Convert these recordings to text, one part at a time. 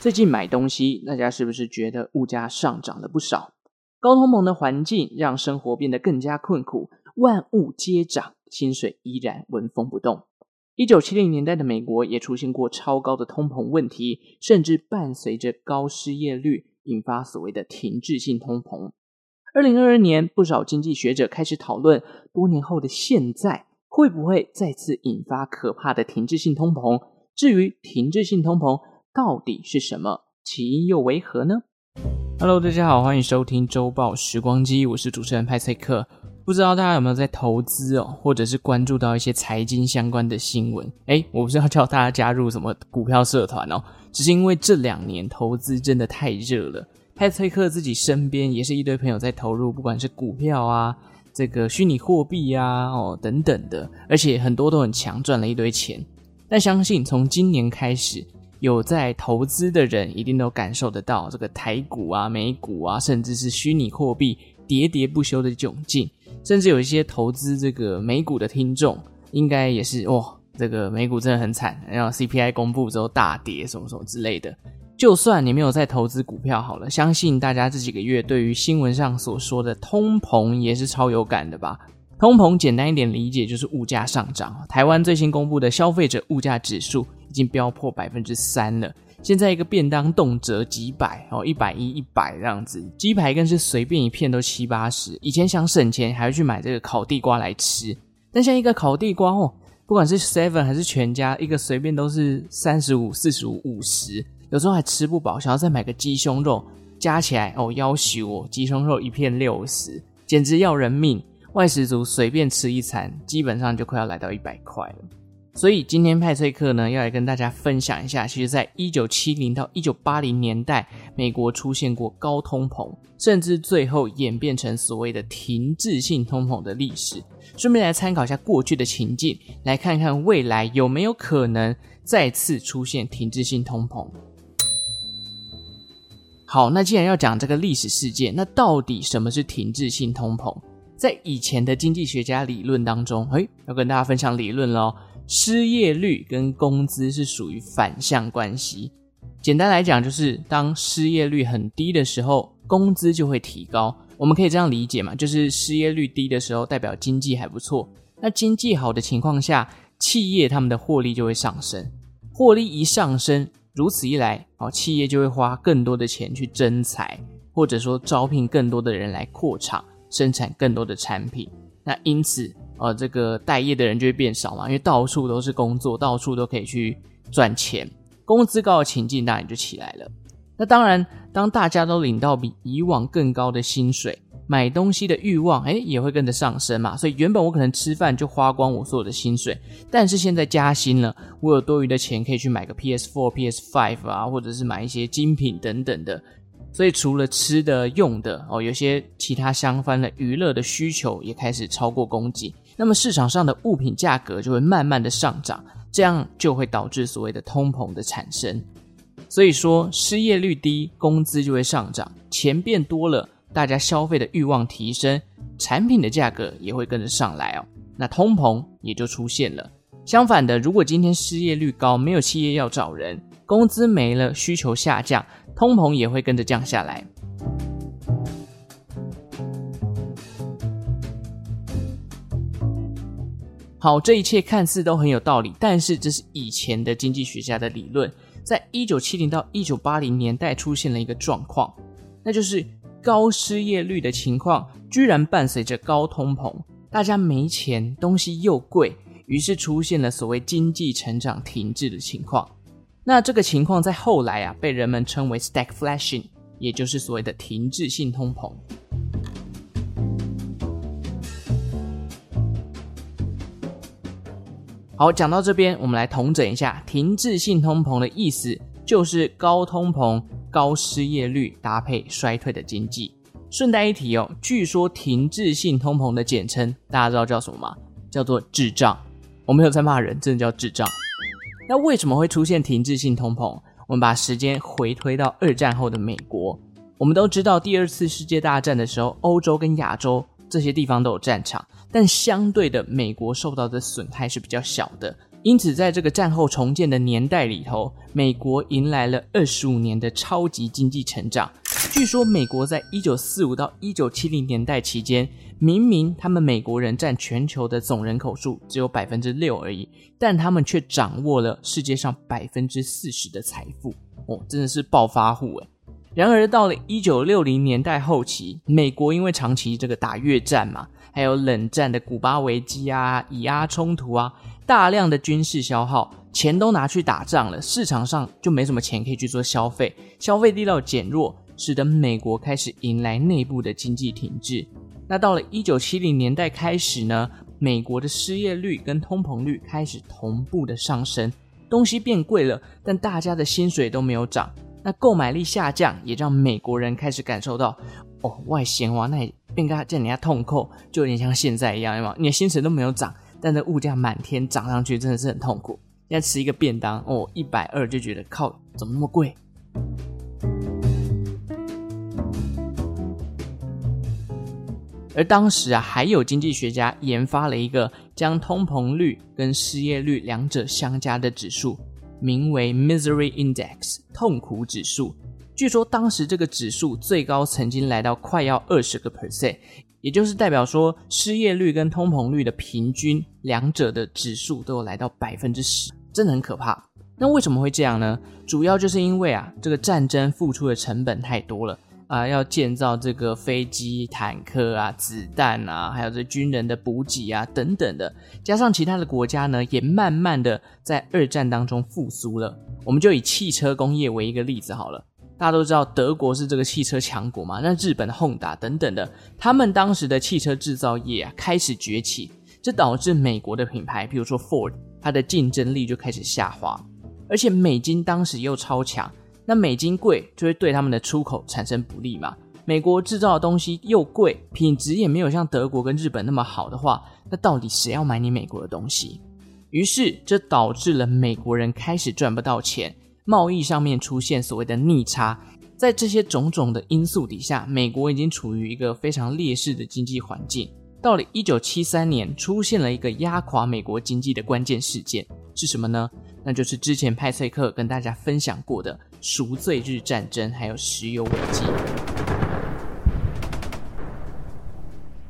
最近買東西，大家是不是覺得物價上漲了不少？高通膨的環境讓生活變得更加困苦，萬物皆漲，薪水依然聞風不動。一九七零年代的美國也出現過超高的通膨問題，甚至伴隨着高失業率，引發所謂的停滯性通膨。二零二二年，不少經濟學者開始討論，多年後的現在會不會再次引發可怕的停滯性通膨？至於停滯性通膨，到底是什麼？起因又為何呢？Hello，大家好，歡迎收聽周報時光機，我是主持人派翠克。不知道大家有沒有在投資哦，或者是關注到一些財經相關的新聞？誒、欸、我不是要叫大家加入什麼股票社團哦，只是因為這兩年投資真的太熱了。派翠克自己身邊也是一堆朋友在投入，不管是股票啊、這個虛擬貨幣啊哦等等的，而且很多都很強，賺了一堆錢。但相信從今年開始，有在投資的人，一定都感受得到這個台股啊、美股啊，甚至是虛擬貨幣跌跌不休的窘境。甚至有一些投資這個美股的聽眾，應該也是哇、哦，這個美股真的很慘，然後 CPI 公布之後大跌什麼什麼之類的。就算你沒有在投資股票好了，相信大家這幾個月對於新聞上所說的通膨也是超有感的吧？通膨簡單一點理解就是物價上漲。台灣最新公布的消費者物價指數，已經飆破百分之三了。現在一個便當動輒幾百哦，一百一、一百這樣子。雞排更是隨便一片都七八十。以前想省錢，還要去買這個烤地瓜來吃。但像一個烤地瓜哦，不管是 seven 還是全家，一個隨便都是三十五、四十五、五十，有時候還吃不飽，想要再買個雞胸肉，加起來哦，要求我、哦！雞胸肉一片六十，簡直要人命。外食族隨便吃一餐，基本上就快要來到一百塊了。所以今天派翠克呢要來跟大家分享一下，其實在一九七零到一九八零年代，美國出現過高通膨，甚至最後演變成所謂的停滯性通膨的歷史。順便來參考一下過去的情境，來看看未來有沒有可能再次出現停滯性通膨。好，那既然要講這個歷史事件，那到底什麼是停滯性通膨？在以前的經濟學家理論當中，哎，要跟大家分享理論嘍。失業率跟工資是屬於反向關係，簡單來講就是，當失業率很低的時候，工資就會提高。我們可以這樣理解嘛，就是失業率低的時候，代表經濟還不錯。那經濟好的情況下，企業他們的獲利就會上升，獲利一上升，如此一來，哦，企業就會花更多的錢去徵才，或者說招聘更多的人來擴廠，生產更多的產品。那因此。呃，這個待業的人就會變少嘛，因為到處都是工作，到處都可以去賺錢，工資高的情境當然就起來了。那當然，當大家都領到比以往更高的薪水，買東西的欲望誒也會跟着上升嘛。所以原本我可能吃飯就花光我所有的薪水，但是現在加薪了，我有多餘的錢可以去買個 PS4、PS5 啊，或者是買一些精品等等的。所以除了吃的、用的哦，有些其他相關的娛樂的需求也開始超過供給。那麼市場上的物品價格就會慢慢的上漲，這樣就會導致所謂的通膨的產生。所以說失業率低，工資就會上漲，錢變多了，大家消費的欲望提升，產品的價格也會跟着上來哦，那通膨也就出現了。相反的，如果今天失業率高，沒有企業要找人，工資沒了，需求下降，通膨也會跟着降下來。好，這一切看似都很有道理，但是這是以前的經濟學家的理論。在1970到1980年代出現了一個狀況，那就是高失業率的情況居然伴隨着高通膨，大家沒錢，東西又貴，於是出現了所謂經濟成長停滯的情況。那這個情況在後來啊，被人們稱為 stagflation，也就是所謂的停滯性通膨。好，講到這邊，我們來統整一下停滯性通膨的意思，就是高通膨、高失業率搭配衰退的經濟。順帶一提哦，據說停滯性通膨的簡稱，大家知道叫什麼嗎？叫做智障。我沒有在罵人，真的叫智障。那為什麼會出現停滯性通膨？我們把時間回推到二戰後的美國，我們都知道第二次世界大戰的時候，歐洲跟亞洲，這些地方都有戰場，但相對的，美國受到的損害是比較小的。因此，在這個戰後重建的年代裡頭，美國迎來了二十五年的超級經濟成長。據說，美國在一九四五到一九七零年代期間，明明他們美國人佔全球的總人口數只有百分之六而已，但他們卻掌握了世界上百分之四十的財富。哦，真的是暴發戶哎！然而，到了一九六零年代後期，美國因為長期這個打越戰嘛，還有冷戰的古巴危機啊、以阿衝突啊，大量的軍事消耗，錢都拿去打仗了，市場上就沒什麼錢可以去做消費，消費力道減弱，使得美國開始迎來內部的經濟停滯。那到了一九七零年代開始呢，美國的失業率跟通膨率開始同步的上升，東西變貴了，但大家的薪水都沒有漲。那購買力下降，也讓美國人開始感受到哦，外閒哇，那你變跟他人家痛扣，就有點像現在一樣，對嗎？你的薪水都沒有漲，但那物價滿天漲上去，真的是很痛苦。現在吃一個便當哦，一百二就覺得靠，怎麼那麼貴？而當時啊，還有經濟學家研發了一個將通膨率跟失業率兩者相加的指數。名為 Misery Index 痛苦指數，據說當時這個指數最高曾經來到快要二十個 percent，也就是代表說失業率跟通膨率的平均兩者的指數都有來到百分之十，真的很可怕。那為什麼會這樣呢？主要就是因為啊，這個戰爭付出的成本太多了。啊，要建造這個飛機、坦克啊、子彈啊，還有這軍人的補給啊等等的，加上其他的國家呢，也慢慢的在二戰當中復甦了。我們就以汽車工業為一個例子好了，大家都知道德國是這個汽車強國嘛，那日本的 Honda 等等的，他們當時的汽車製造業啊開始崛起，這導致美國的品牌，比如說 Ford，它的競爭力就開始下滑，而且美金當時又超強。那美金貴，就會對他們的出口產生不利嘛？美國製造的東西又貴，品質也沒有像德國跟日本那麼好的話，那到底誰要買你美國的東西？於是這導致了美國人開始賺不到錢，貿易上面出現所謂的逆差。在這些種種的因素底下，美國已經處於一個非常劣勢的經濟環境。到了一九七三年，出現了一個壓垮美國經濟的關鍵事件是什麼呢？那就是之前派翠克跟大家分享過的。贖罪日戰爭，還有石油危機。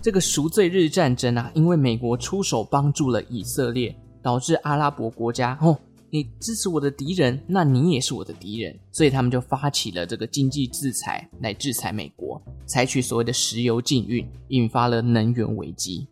這個贖罪日戰爭啊，因為美國出手幫助了以色列，導致阿拉伯國家哦，你支持我的敵人，那你也是我的敵人，所以他們就發起了這個經濟制裁，來制裁美國，採取所謂的石油禁運，引發了能源危機。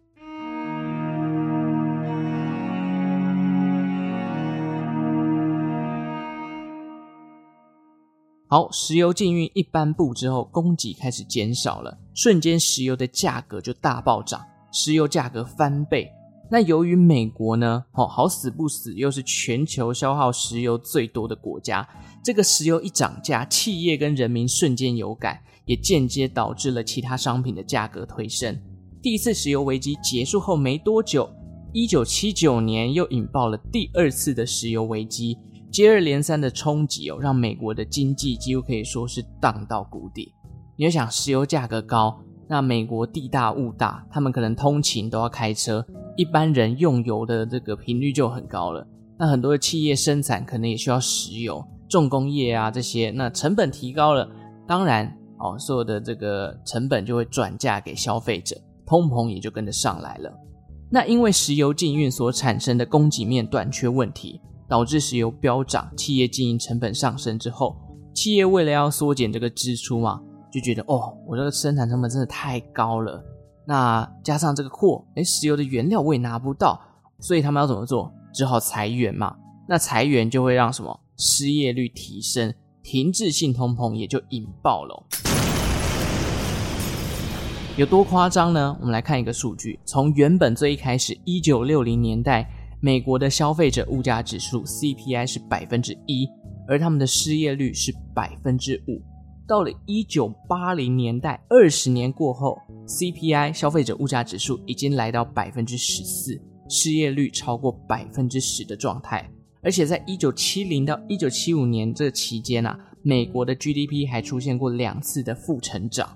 好，石油禁運一頒布之後，供給開始減少了，瞬間石油的價格就大暴漲，石油價格翻倍。那由於美國呢，哦，好死不死又是全球消耗石油最多的國家，這個石油一漲價，企業跟人民瞬間有感，也間接導致了其他商品的價格推升。第一次石油危機結束後沒多久，一九七九年又引爆了第二次的石油危機。接二連三的衝擊哦，讓美國的經濟幾乎可以說是蕩到谷底。你要想，石油價格高，那美國地大物大，他們可能通勤都要開車，一般人用油的這個頻率就很高了。那很多的企業生產可能也需要石油，重工業啊這些，那成本提高了，當然哦，所有的這個成本就會轉嫁給消費者，通膨也就跟着上來了。那因為石油禁運所產生的供給面短缺問題。導致石油飆漲，企業經營成本上升之後，企業為了要縮減這個支出嘛，就覺得哦，我這個生產成本真的太高了。那加上這個貨，誒、欸，石油的原料我也拿不到，所以他們要怎麼做？只好裁員嘛。那裁員就會讓什麼失業率提升，停滯性通膨也就引爆了、哦。有多誇張呢？我們來看一個數據，從原本最一開始，1960年代。美國的消費者物價指數 CPI 是百分之一，而他們的失業率是百分之五。到了一九八零年代，二十年過後，CPI 消費者物價指數已經來到百分之十四，失業率超過百分之十的狀態。而且在一九七零到一九七五年這期間呢、啊，美國的 GDP 還出現過兩次的負成長。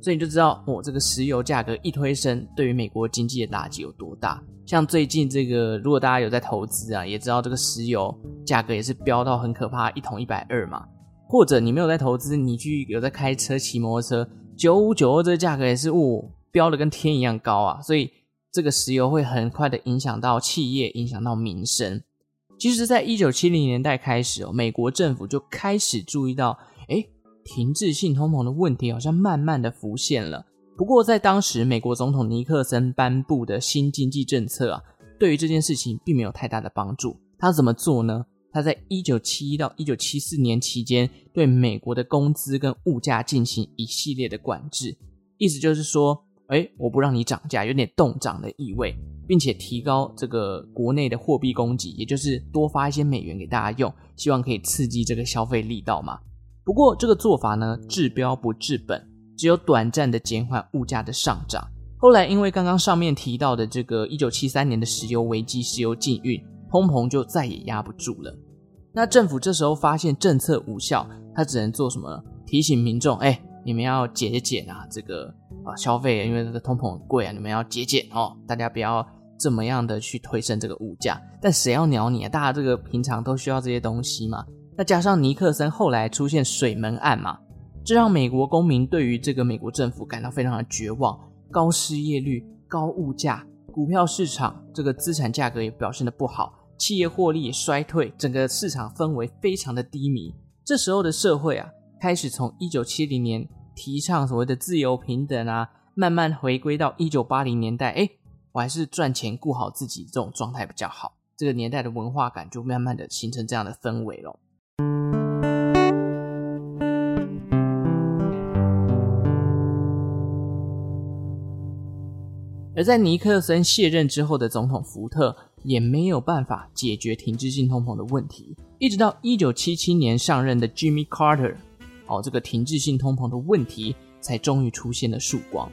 所以你就知道，我、哦、這個石油價格一推升，對於美國經濟的打擊有多大。像最近這個，如果大家有在投資啊，也知道這個石油價格，也是飆到很可怕，一桶一百二嘛。或者你沒有在投資，你去有在開車騎摩托車，九五九二這個價格也是哦，飆的跟天一樣高啊。所以這個石油會很快的影響到企業，影響到民生。其實，在一九七零年代開始哦，美國政府就開始注意到，哎，停滯性通膨的問題好像慢慢的浮現了。不過，在當時，美國總統尼克森頒布的新經濟政策啊，對於這件事情並沒有太大的幫助。他怎麼做呢？他在1971到1974年期間，對美國的工資跟物價進行一系列的管制，意思就是說，哎，我不讓你漲價，有點凍漲的意味，並且提高這個國內的貨幣供給，也就是多發一些美元給大家用，希望可以刺激這個消費力道嘛。不過，這個做法呢，治標不治本。只有短暫的減緩物價的上漲，後來因為剛剛上面提到的這個一九七三年的石油危機、石油禁運，通膨就再也壓不住了。那政府這時候發現政策無效，他只能做什麼？提醒民眾：哎、欸，你們要節儉啊！這個啊，消費、啊、因為這個通膨很貴啊，你們要節儉哦，大家不要這麼樣的去推升這個物價。但誰要鳥你啊？大家這個平常都需要這些東西嘛。那加上尼克森後來出現水門案嘛。這讓美國公民對於這個美國政府感到非常的絕望，高失業率、高物價，股票市場這個資產價格也表現得不好，企業獲利也衰退，整個市場氛圍非常的低迷。這時候的社會啊，開始從一九七零年提倡所謂的自由平等啊，慢慢回歸到一九八零年代。誒，我還是賺錢顧好自己這種狀態比較好。這個年代的文化感就慢慢的形成這樣的氛圍了。而在尼克森卸任之後的總統福特，也沒有辦法解決停滯性通膨的問題，一直到一九七七年上任的 Jimmy Carter，哦，這個停滯性通膨的問題才終於出現了曙光。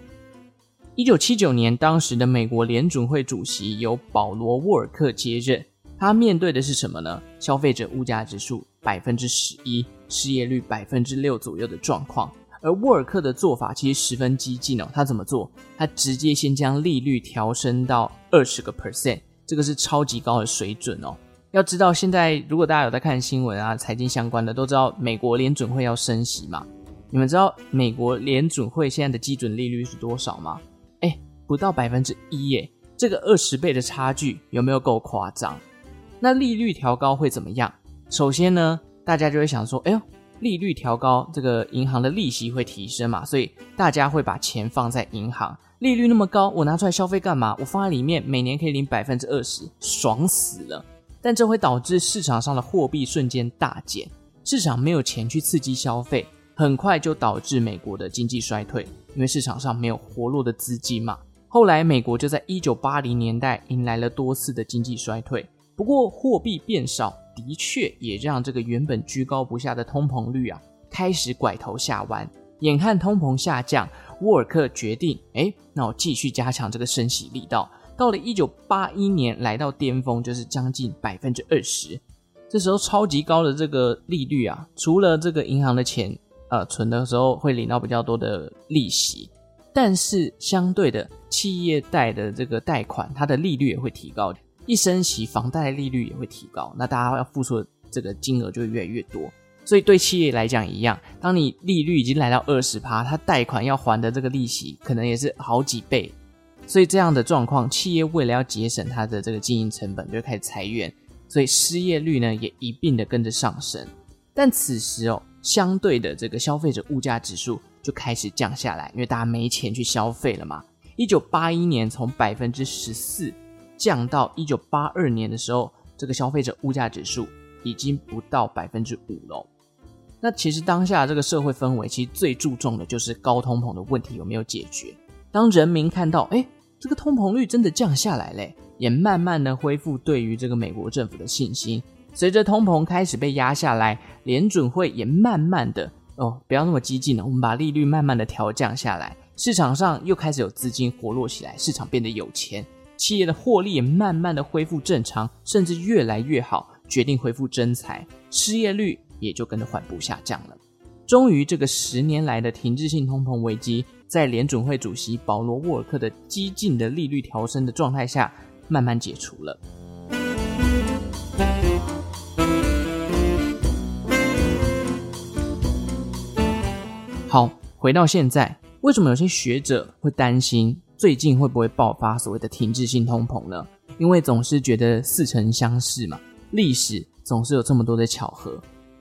一九七九年，當時的美國聯準會主席由保羅·沃爾克接任，他面對的是什麼呢？消費者物價指數百分之十一，失業率百分之六左右的狀況。而沃爾克的做法其實十分激進哦，他怎麼做？他直接先將利率調升到二十個 percent，這個是超級高的水準哦。要知道，現在如果大家有在看新聞啊，財經相關的都知道，美國聯準會要升息嘛。你們知道美國聯準會現在的基準利率是多少嗎？誒，不到百分之一耶！這個二十倍的差距有沒有夠誇張？那利率調高會怎麼樣？首先呢，大家就會想說，哎喲利率調高，這個銀行的利息會提升嘛，所以大家會把錢放在銀行，利率那麼高，我拿出來消費幹嘛？我放在裡面，每年可以領百分之二十，爽死了。但這會導致市場上的貨幣瞬間大減，市場沒有錢去刺激消費，很快就導致美國的經濟衰退，因為市場上沒有活絡的資金嘛。後來美國就在一九八零年代迎來了多次的經濟衰退，不過貨幣變少，的確也讓這個原本居高不下的通膨率啊開始拐頭下彎。眼看通膨下降，沃爾克決定，哎，那我繼續加強這個升息力道。到了一九八一年，來到巔峰，就是將近百分之二十。這時候超級高的這個利率啊，除了這個銀行的錢呃存的時候會領到比較多的利息，但是相對的，企業貸的這個貸款，它的利率也會提高。一升息，房貸利率也會提高，那大家要付出的這個金額就會越來越多。所以對企業來講一樣，當你利率已經來到二十趴，它貸款要還的這個利息可能也是好幾倍。所以這樣的狀況，企業為了要節省它的這個經營成本，就開始裁員，所以失業率呢也一併的跟着上升。但此時哦，相對的這個消費者物價指數就開始降下來，因為大家沒錢去消費了嘛。一九八一年從百分之十四。降到一九八二年的時候，這個消費者物價指數已經不到百分之五了。那其實當下這個社會氛圍，其實最注重的就是高通膨的問題有沒有解決。當人民看到，哎，這個通膨率真的降下來嘞，也慢慢的恢復對於這個美國政府的信心。隨着通膨開始被壓下來，聯準會也慢慢的哦，不要那麼激進了，我們把利率慢慢的調降下來。市場上又開始有資金活絡起來，市場變得有錢。企業的獲利也慢慢的恢復正常，甚至越來越好，決定恢復徵才，失業率也就跟着緩步下降了。終於，這個十年來的停滯性通膨危機，在聯準會主席保羅·沃爾克的激進的利率調升的狀態下，慢慢解除了。好，回到現在，為什麼有些學者會擔心？最近會不會爆發所謂的停滯性通膨呢？因為總是覺得似曾相識嘛，歷史總是有這麼多的巧合。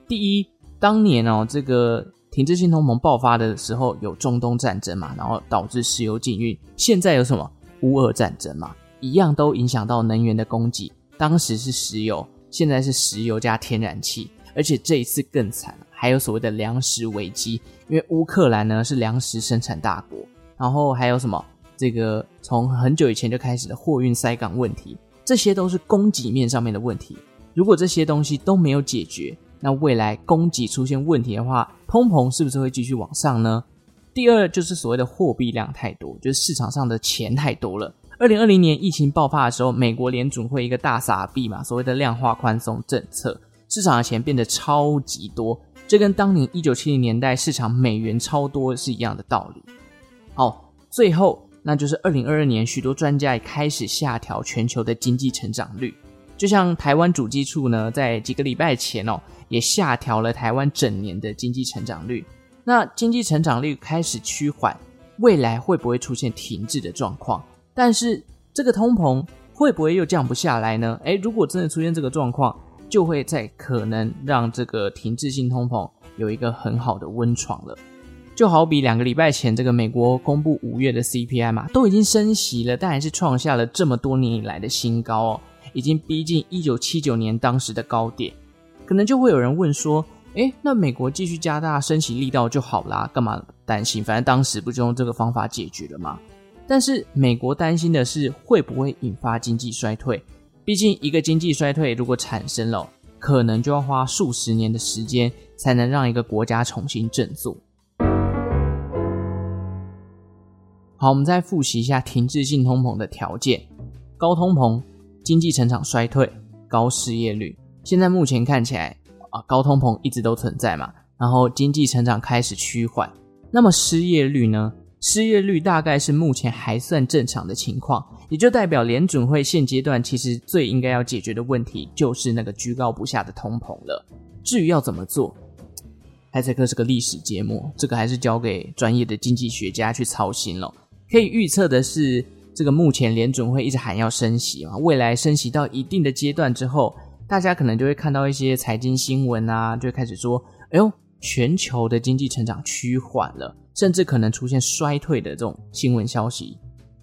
第一，當年哦，這個停滯性通膨爆發的時候，有中東戰爭嘛，然後導致石油禁運。現在有什麼？烏俄戰爭嘛，一樣都影響到能源的供給。當時是石油，現在是石油加天然氣，而且這一次更慘，還有所謂的糧食危機，因為烏克蘭呢是糧食生產大國，然後還有什麼？這個從很久以前就開始的貨運塞港問題，這些都是供給面上面的問題。如果這些東西都沒有解決，那未來供給出現問題的話，通膨是不是會繼續往上呢？第二就是所謂的貨幣量太多，就是市場上的錢太多了。二零二零年疫情爆發的時候，美國聯準會一個大撒幣嘛，所謂的量化寬鬆政策，市場的錢變得超級多，這跟當年一九七零年代市場美元超多是一樣的道理。好，最後。那就是二零二二年，許多專家也開始下調全球的經濟成長率。就像台灣主計處呢，在幾個禮拜前哦，也下調了台灣整年的經濟成長率。那經濟成長率開始趨緩，未來會不會出現停滯的狀況？但是這個通膨會不會又降不下來呢？誒、欸，如果真的出現這個狀況，就會再可能讓這個停滯性通膨有一個很好的溫床了。就好比兩個禮拜前，這個美國公布五月的 CPI 嘛，都已經升息了，但還是創下了這麼多年以來的新高哦，已經逼近一九七九年當時的高點。可能就會有人問說，哎，那美國繼續加大升息力道就好啦，幹嘛擔心？反正當時不就用這個方法解決了嗎？但是美國擔心的是會不會引發經濟衰退。畢竟一個經濟衰退，如果產生了，可能就要花數十年的時間才能讓一個國家重新振作。好，我們再復習一下停滯性通膨的條件：高通膨、經濟成長衰退、高失業率。現在目前看起來啊，高通膨一直都存在嘛，然後經濟成長開始趨緩。那麼失業率呢？失業率大概是目前還算正常的情況，也就代表聯準會現階段其實最應該要解決的問題就是那個居高不下的通膨了。至於要怎麼做，艾彩克是個歷史節目，這個還是交給專業的經濟學家去操心了。可以預測的是，這個目前聯準會一直喊要升息嘛？未來升息到一定的階段之後，大家可能就會看到一些財經新聞啊，就會開始說：“哎呦，全球的經濟成長趨緩了，甚至可能出現衰退的這種新聞消息。”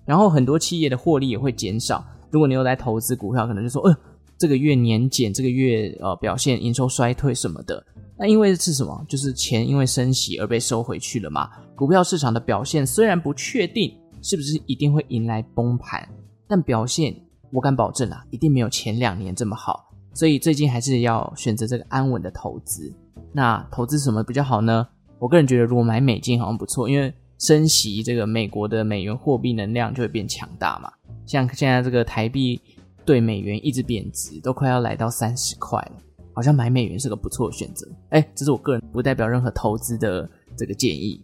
然後很多企業的獲利也會減少。如果你又來投資股票，可能就說：“哎、呃，這個月年減，這個月呃表現營收衰退什麼的。”那因為是什麼？就是錢因為升息而被收回去了嘛？股票市場的表現雖然不確定。是不是一定會迎來崩盤？但表現我敢保證啊，一定沒有前兩年這麼好。所以最近還是要選擇這個安穩的投資。那投資什麼比較好呢？我個人覺得，如果買美金好像不錯，因為升息這個美國的美元貨幣能量就會變強大嘛。像現在這個台幣對美元一直貶值，都快要來到三十塊了，好像買美元是個不錯的選擇。誒，這是我個人，不代表任何投資的這個建議。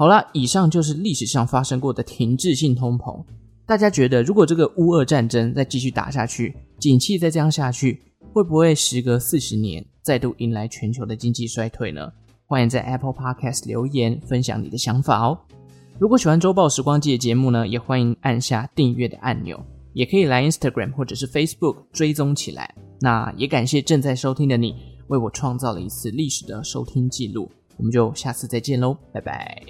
好啦，以上就是歷史上發生過的停滯性通膨。大家覺得，如果這個烏俄戰爭再繼續打下去，景氣再這樣下去，會不會時隔四十年再度迎來全球的經濟衰退呢？歡迎在 Apple Podcast 留言分享你的想法哦。如果喜歡《周報時光機》的節目呢，也歡迎按下訂閱的按鈕，也可以來 Instagram 或者是 Facebook 追蹤起來。那也感謝正在收聽的你，為我創造了一次歷史的收聽記錄。我們就下次再見嘍，拜拜。